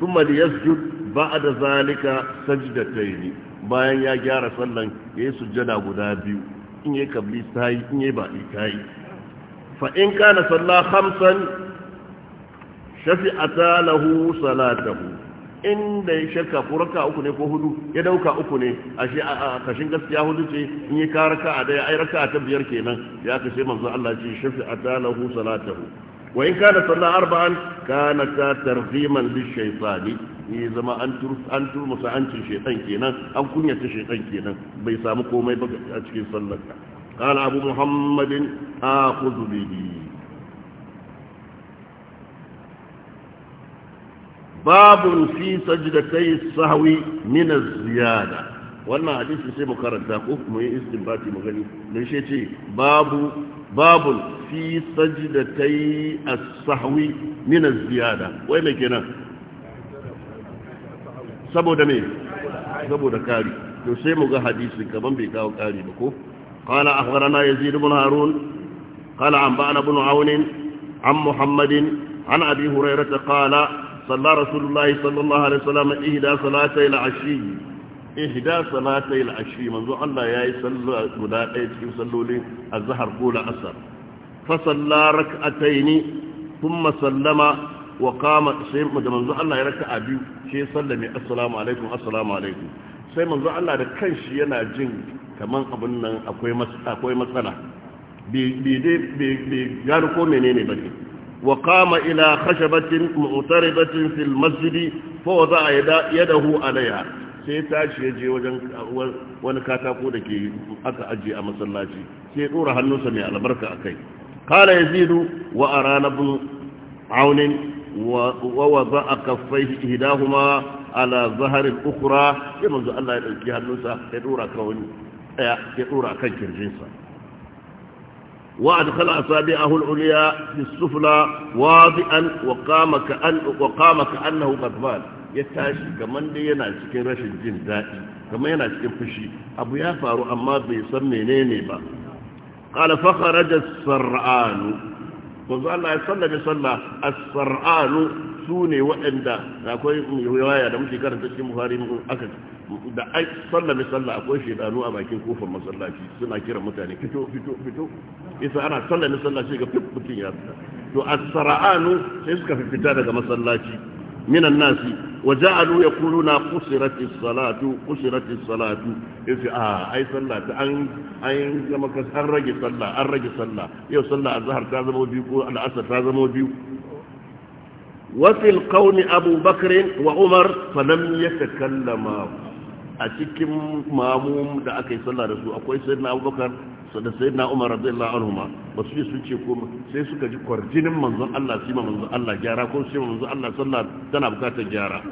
kuma da yasjud ba a da zalika ne bayan ya gyara sallan ya yayi sujjada guda biyu in yayi kabli yi in yi yayi ta yi fa in kana salla shafi a talahu salatahu inda ya shakka ko raka uku ne ko hudu ya dauka uku ne a kashin gaskiya hudu ce in yi ka raka a daya ai raka ta biyar kenan ya kashe manzo Allah ce a talahu salatahu وإن كان صلى ta tarziman ترغيما للشيطان ya zama an turmusa hancin shaitan kenan an kunyata shaitan kenan bai samu komai ba a cikin sallar ka qala abu muhammadin akhudhu bihi babun fi sajdatay sahwi min az-ziyada wannan hadisi sai mu karanta ko mu yi istinbati mu magani dan shi ce babu babu fi sajdatai as-sahwi min az-ziyada wai me kenan saboda me saboda kari to sai mu ga hadisi bai kawo kari ba ko qala akhbarana yazid ibn harun qala anba'ana ibn aun an muhammadin an abi hurairah qala صلى رسول الله صلى الله عليه وسلم إهدى صلاتي العشي ihda salatai al-ashi manzo Allah yayi sallah guda ɗaya cikin sallolin azhar ko al-asr fa salla rak'ataini thumma sallama wa qama sai manzo Allah ya raka'a biyu sai sallame assalamu alaikum assalamu alaikum sai manzo Allah da kanshi yana jin kaman abin nan akwai akwai matsala bai dai gano ko menene bane وقام إلى خشبة مغتربة في المسجد فوضع يده عليها sai tashi ya je wajen wani katako da ke aka ajiye a masallaci sai ya dora hannunsa mai albarka a kai kala ya zidu wa a bin aunin wa wa za a kafai hidahuma ala zaharin ukura sai manzo Allah ya ɗauki hannunsa ya dora kan wani ɗaya ya dora kan kirjinsa وأدخل أصابعه العليا في السفلى واضئا وقام, كأن وقام كأنه غضبان ya tashi kamar da yana cikin rashin jin daɗi kamar yana cikin fushi abu ya faru amma bai san menene ba qala fa kharaja sar'an manzo Allah ya sallabe salla as-sar'an sune waɗanda akwai riwaya da muke karanta cikin Buhari aka da ai sallabe salla akwai shedanu a bakin kofar masallaci suna kira mutane fito fito fito isa ana sallabe salla sai ga fitfutun ya fita to as-sar'an sai suka fita daga masallaci من الناس وجعلوا يقولون قصرت الصلاة قصرت الصلاة في آه أي صلاة أن أن لما كس أرجع صلاة أرجع صلاة يو صلاة الظهر هذا وبيو العصر هذا وبيو وفي القوم أبو بكر وعمر فلم يتكلما a cikin mamun da aka yi sallah da su akwai na abubakar da sayyidina umar radiyallahu anhuma ba su sun ce kuma sai suka ji kwarjinin manzon Allah sima manzon Allah gyara ko sima manzon Allah sallah tana bukatar gyara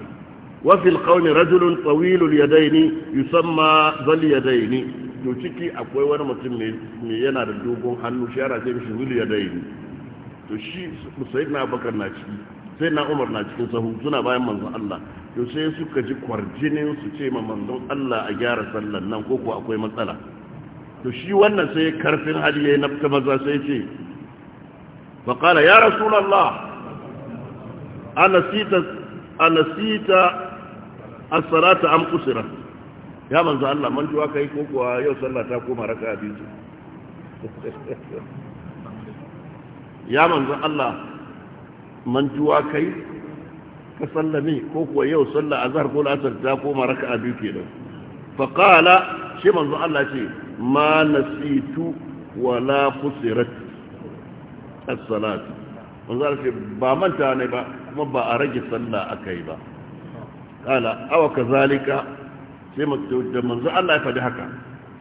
wa fil rajulun rajulun ya yadaini yusamma zal yadaini to ciki akwai wani mutum ne yana da dogon hannu shi yara ce mishi zul yadaini to shi na abubakar na ciki sayyidina umar na cikin sahu suna bayan manzon Allah to sai suka ji kwarjinin su ce ma manzon Allah a gyara sallan nan ko kuwa akwai matsala to shi wannan sai karfin hali yayin nafta maza sai ce fa qala ya rasulullah anasita anasita as-salata am qusira ya manzo Allah man tuwa kai ko kuwa yau sallah ta koma raka'a biyu ya manzo Allah man tuwa kai ka sallame ko kuwa yau sallah zahar ko lasar ta koma raka abu ke fa faƙala shi manzo Allah ce ma nasitu wala fusirat as salatu manzo Allah ce ba manta ne ba kuma ba a rage sallah akai ba Awa ka kazalika sai manzo Allah ya faɗi haka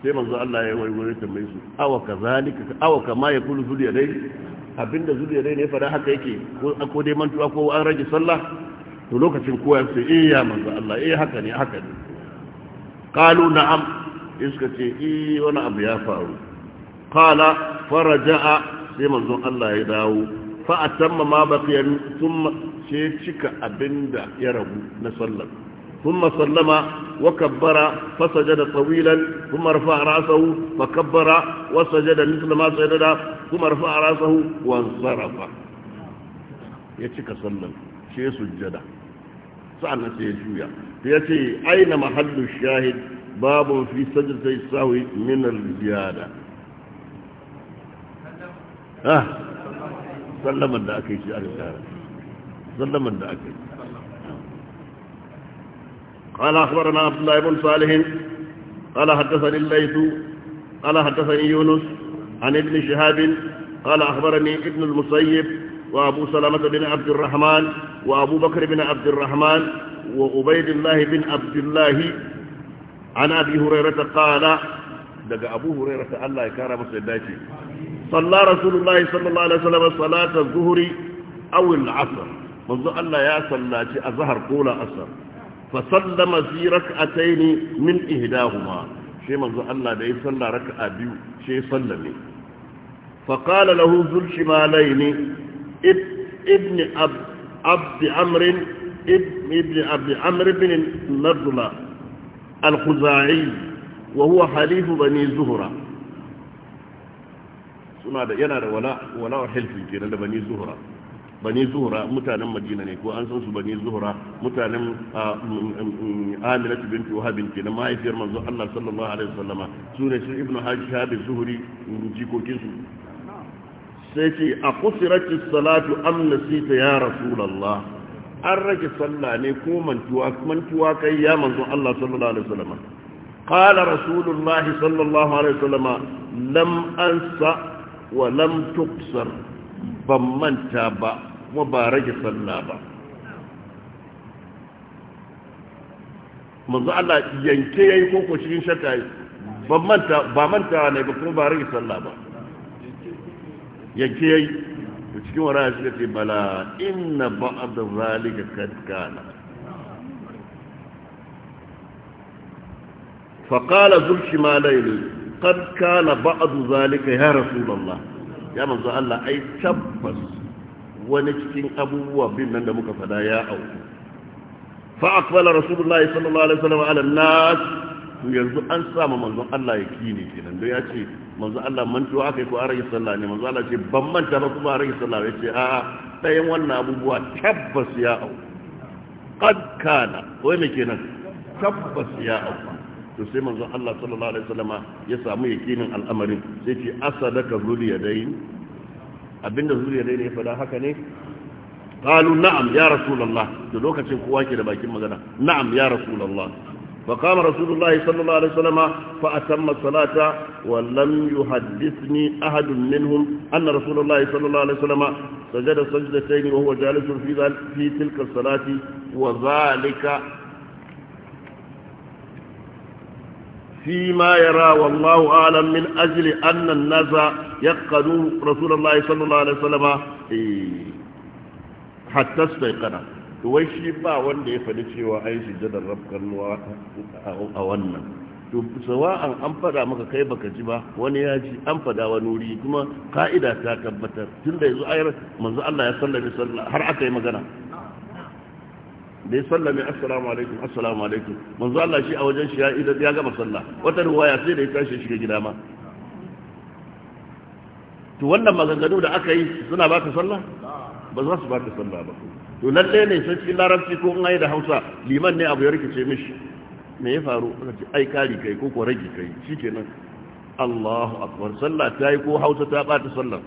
sai manzo Allah ya waiwaye mai su Awa kazalika aw kama yakulu zuriya dai abinda zuriya dai ne faɗa haka yake ko dai mantuwa ko an rage sallah to lokacin kowa ya ce eh ya manzo Allah eh haka ne haka ne qalu na'am iska ce eh wani abu ya faru qala faraja'a sai manzo Allah ya dawo fa atamma ma baqiya thumma sai cika abinda ya rabu na sallar ثم سلم وكبر فسجد طويلا ثم رفع رأسه فكبر وسجد مثل ما سجد ثم رفع رأسه وانصرف يتشك سلم شيء سجده sa'annan sai ya juya ya ce aina mahallu shahid babu fi sajdatai sahwi min al-ziyada ah sallaman da aka yi shi aka tsara sallaman da aka yi قال أخبرنا عبد الله بن صالح قال حدثني الليث قال حدثني يونس عن ابن شهاب قال أخبرني ابن المسيب وأبو سلمة بن عبد الرحمن وأبو بكر بن عبد الرحمن وأبيد الله بن عبد الله عن أبي هريرة قال دقى أبو هريرة الله يكرم سيداتي صلى رسول الله صلى الله عليه وسلم صلاة الظهر أو العصر منذ الله يا صلاة الظهر قول أصر فسلم في ركعتين من إهداهما شيء منذ الله دي صلى ركعة بيو شيء سلمي فقال له ذو الشمالين ابن عبد عمرو ابن عبد عمرو بن نضلة الخزاعي وهو حليف بني زهرة suna da yana da wala wala hilfi kenan da bani zuhra bani zuhra mutanen madina ne ko an san su bani zuhra mutanen amina binti wahab kenan mahaifiyar manzo Allah sallallahu alaihi wasallama su ne su ibnu hajjab zuhri jikokin jikokinsu. sai ce a kusirati salatu am nasita ya rasulallah an rage sallah ne ko mantuwa kai ya manzo Allah sallallahu alaihi wasallam qala rasulullahi sallallahu alaihi wasallam lam ansa wa lam tuqsar ban manta ba kuma ba rage sallah ba manzo Allah yanke ya yi koko cikin shakka ban manta ba manta ne ba kuma ba rage sallah ba yanke yi da cikin wara shi ce bala inna ba'd zalika kad kana fa qala zul shimalayni qad kana ba'd zalika ya rasu rasulullah ya manzo Allah ai tabbas wani cikin abubuwa bin nan da muka fada ya auku fa aqbala rasulullah sallallahu alaihi wasallam ala nas to yanzu an samu manzon Allah ya kine kenan da ya ce manzon Allah mantuwa aka yi ko an rage sallah ne manzon Allah ce ban manta ba kuma an rage sallah ya ce a'a ɗayan wannan abubuwa tabbas ya au qad kana wai me kenan tabbas ya au to sai manzon Allah sallallahu alaihi wasallama ya samu yakinin al'amarin sai ce asadaka zuliyadain abinda zuliyadain fa da haka ne qalu na'am ya rasulullah to lokacin kowa ke da bakin magana na'am ya rasulullah فقام رسول الله صلى الله عليه وسلم فأتم الصلاة ولم يحدثني أحد منهم أن رسول الله صلى الله عليه وسلم سجد سجدتين وهو جالس في ذلك في تلك الصلاة وذلك فيما يرى والله أعلم من أجل أن الناس يقنوا رسول الله صلى الله عليه وسلم إيه، حتى استيقنوا to wai shi ba wanda ya faɗi cewa ai sujjadar rafkanuwa a wannan to sawa'an an fada maka kai baka ji ba wani ya ji an fada wani wuri kuma ka'ida ta tabbatar tunda yanzu ayar manzo Allah ya sallame sallah har aka yi magana da ya sallame assalamu alaikum assalamu alaikum manzo Allah shi a wajen shi ya ya gama sallah wata ruwaya sai da ya tashi shiga gida ma to wannan maganganu da aka yi suna baka sallah ba za su baka sallah ba to lalle ne sai cikin larabci ko in yi da hausa liman ne abu ya rikice mishi me ya faru aka ce ai kari kai ko ko rage kai shikenan Allahu akbar sallah ta yi ko hausa ta bata sallah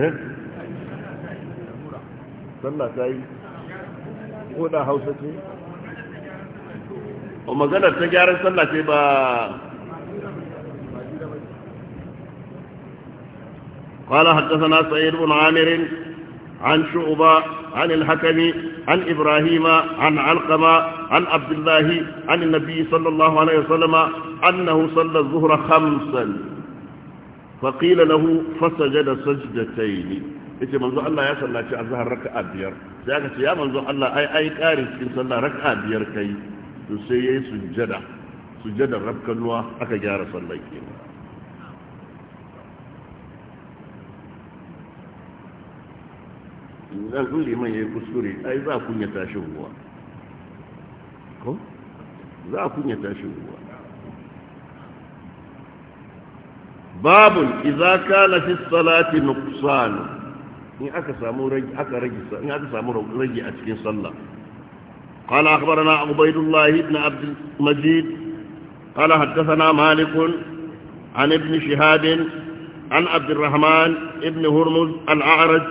eh sallah ta yi ko da hausa ce o magana ta gyaran sallah ce ba قال حدثنا سعيد بن عامر عن شعبة عن الحكم عن إبراهيم عن علقمة عن عبد الله عن النبي صلى الله عليه وسلم أنه صلى الظهر خمسا فقيل له فسجد سجدتين yace manzo Allah ya sallaci a raka'a biyar sai aka ce ya Allah ai ai karin cikin sallah raka'a biyar kai to sai yayi sujjada sujjadar rabkanuwa aka gyara sallar zan liman ya yi kuskure ai za a kunya tashin ruwa ko za a kunya tashin ruwa babun iza kana fi salati nuqsan in aka samu rage aka rage in aka samu rage a cikin sallah قال أخبرنا عبيد الله بن عبد المجيد قال حدثنا مالك عن ابن شهاد عن عبد الرحمن ابن هرمز الأعرج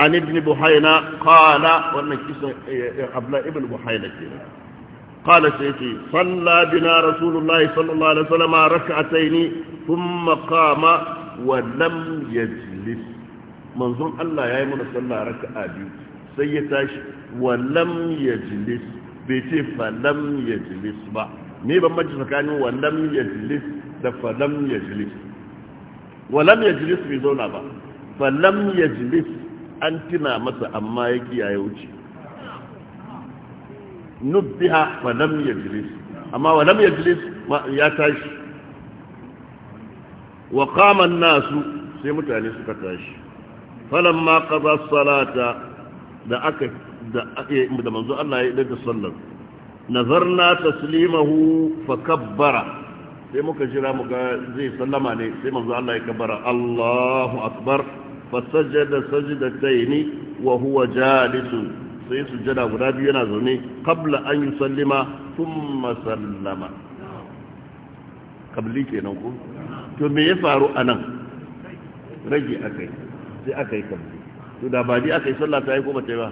an ibn buhaina kala wannan kisan abdullahi ibn buhaina kenan qala sai ce salla bina rasulullahi sallallahu alaihi wasallam rak'atayn thumma qama wa lam yajlis manzon Allah ya yi mana sallah a biyu sai ya tashi wa lam yajlis bai ce fa lam yajlis ba ban bambanci tsakanin wa lam yajlis da fa lam yajlis wa lam yajlis bai zauna ba fa lam yajlis an tuna masa amma ya kiyaye wuce nubbiha fa lam yajlis amma wa lam yajlis ya tashi wa qama nasu sai mutane suka tashi falamma qada salata da aka da ake da manzo Allah ya da sallar nazarna taslimahu fa kabbara sai muka jira muka zai sallama ne sai manzo Allah ya kabbara Allahu akbar da da فسجد سجدتين وهو جالس sai su sujjada guda biyu yana zaune kabla an yi sallima sun masallama kabli kenan ku to me ya faru a nan rage aka yi sai aka yi kabli to da ba di aka yi sallah ta yi ko yi ba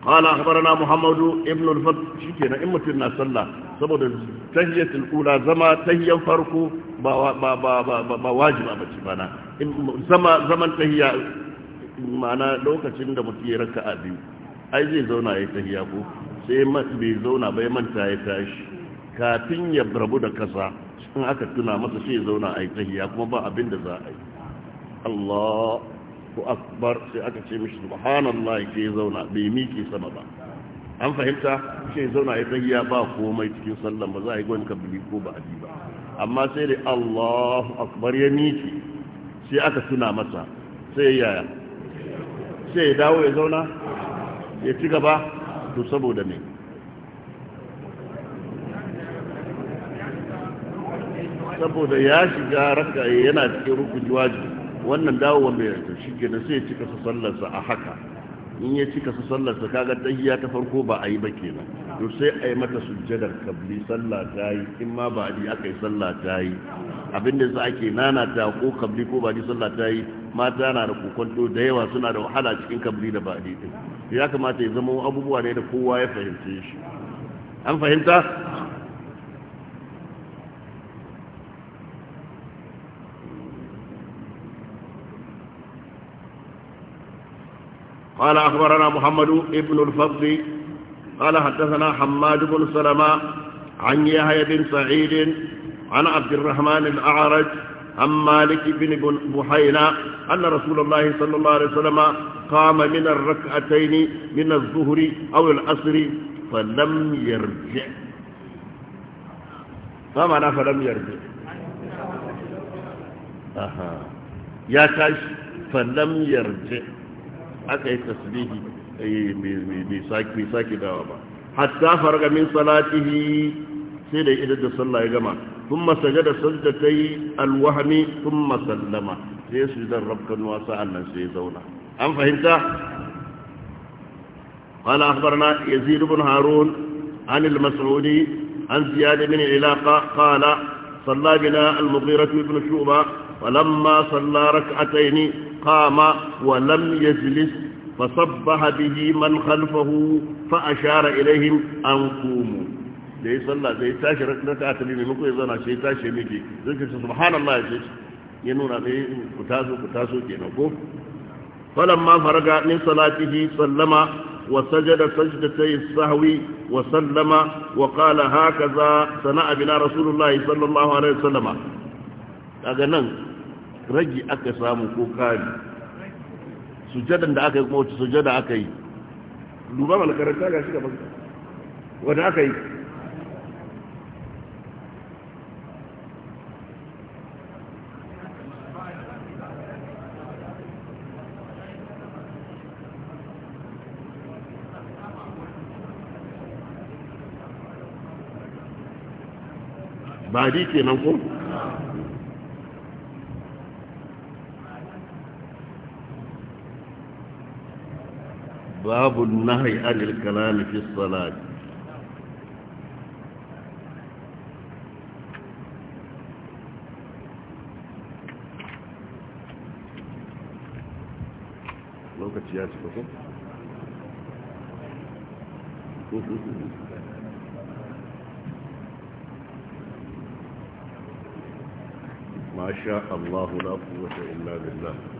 قال أخبرنا محمد ابن الفضل شكرا إما تنا صلى saboda tahiyyar ula zama tahiyyar farko ba ba ba ba wajiba bace bana zama zaman tahiya ma'ana lokacin da mutum ya a biyu ai zai zauna ya tahiya ko sai bai zauna bai manta ya tashi kafin ya rabu da kasa in aka tuna masa sai ya zauna a yi tahiya kuma ba abin da za a yi Allahu akbar sai aka ce mishi subhanallah sai ya zauna bai miƙe sama ba an fahimta shi zauna ya tahiya ba komai cikin sallan ba za a yi gwani kabili ko ba a ba amma sai da allahu akbar ya miki sai aka tuna masa sai ya yaya sai ya dawo ya zauna ya ci gaba to saboda ne saboda ya shiga raka yana cikin rukun wajibi wannan dawo wanda ya shi kenan sai ya cika sallarsa a haka in ya cika su sallarsa kaga tahiyya ta farko ba a yi ba kenan to sai a yi mata sujjadar kabli sallah ta yi in ma ba a aka yi sallah ta yi abinda za ake nanata ko kabli ko ba sallah ta yi mata na da kokonto da yawa suna da wahala cikin kabli da ba din ya kamata ya zama abubuwa ne da kowa ya fahimce shi an fahimta قال أخبرنا محمد بن الفضل قال حدثنا حماد بن سلمة عن يحيى بن سعيد عن عبد الرحمن الأعرج عن مالك بن بحينا أن رسول الله صلى الله عليه وسلم قام من الركعتين من الظهر أو العصر فلم يرجع ما فلم يرجع أها يا كاش فلم يرجع aka yi tasbihi bai sake dawa ba hatta farga min salatihi sai da idan da sallah ya gama sun masaje da sajdatai alwahami sun masallama sai su zan rabkan wasa annan sai zauna an fahimta قال أخبرنا يزيد بن هارون عن المسعودي عن زياد بن العلاقة قال صلى بنا المغيرة بن شعبة فلما صلى ركعتين قام ولم يجلس فصبح به من خلفه فأشار إليهم أن قوموا da ya sallah da ya tashi raka ta ne muku ya zauna sai tashi miki zai ce subhanallah ya ce ya nuna ne ku taso ku taso kenan ko ma faraga min salatihi sallama wa sajada sajdatay sahwi wa sallama wa qala hakaza sana'a bina rasulullahi sallallahu alaihi wasallama daga nan ragi aka samu ko kari sujadan da aka yi kuma wacce sujada aka yi duba mana karanta ga shi bakka wadda aka yi ba di kenan ko باب النهي عن الكلام في الصلاة ما شاء الله لا قوة إلا بالله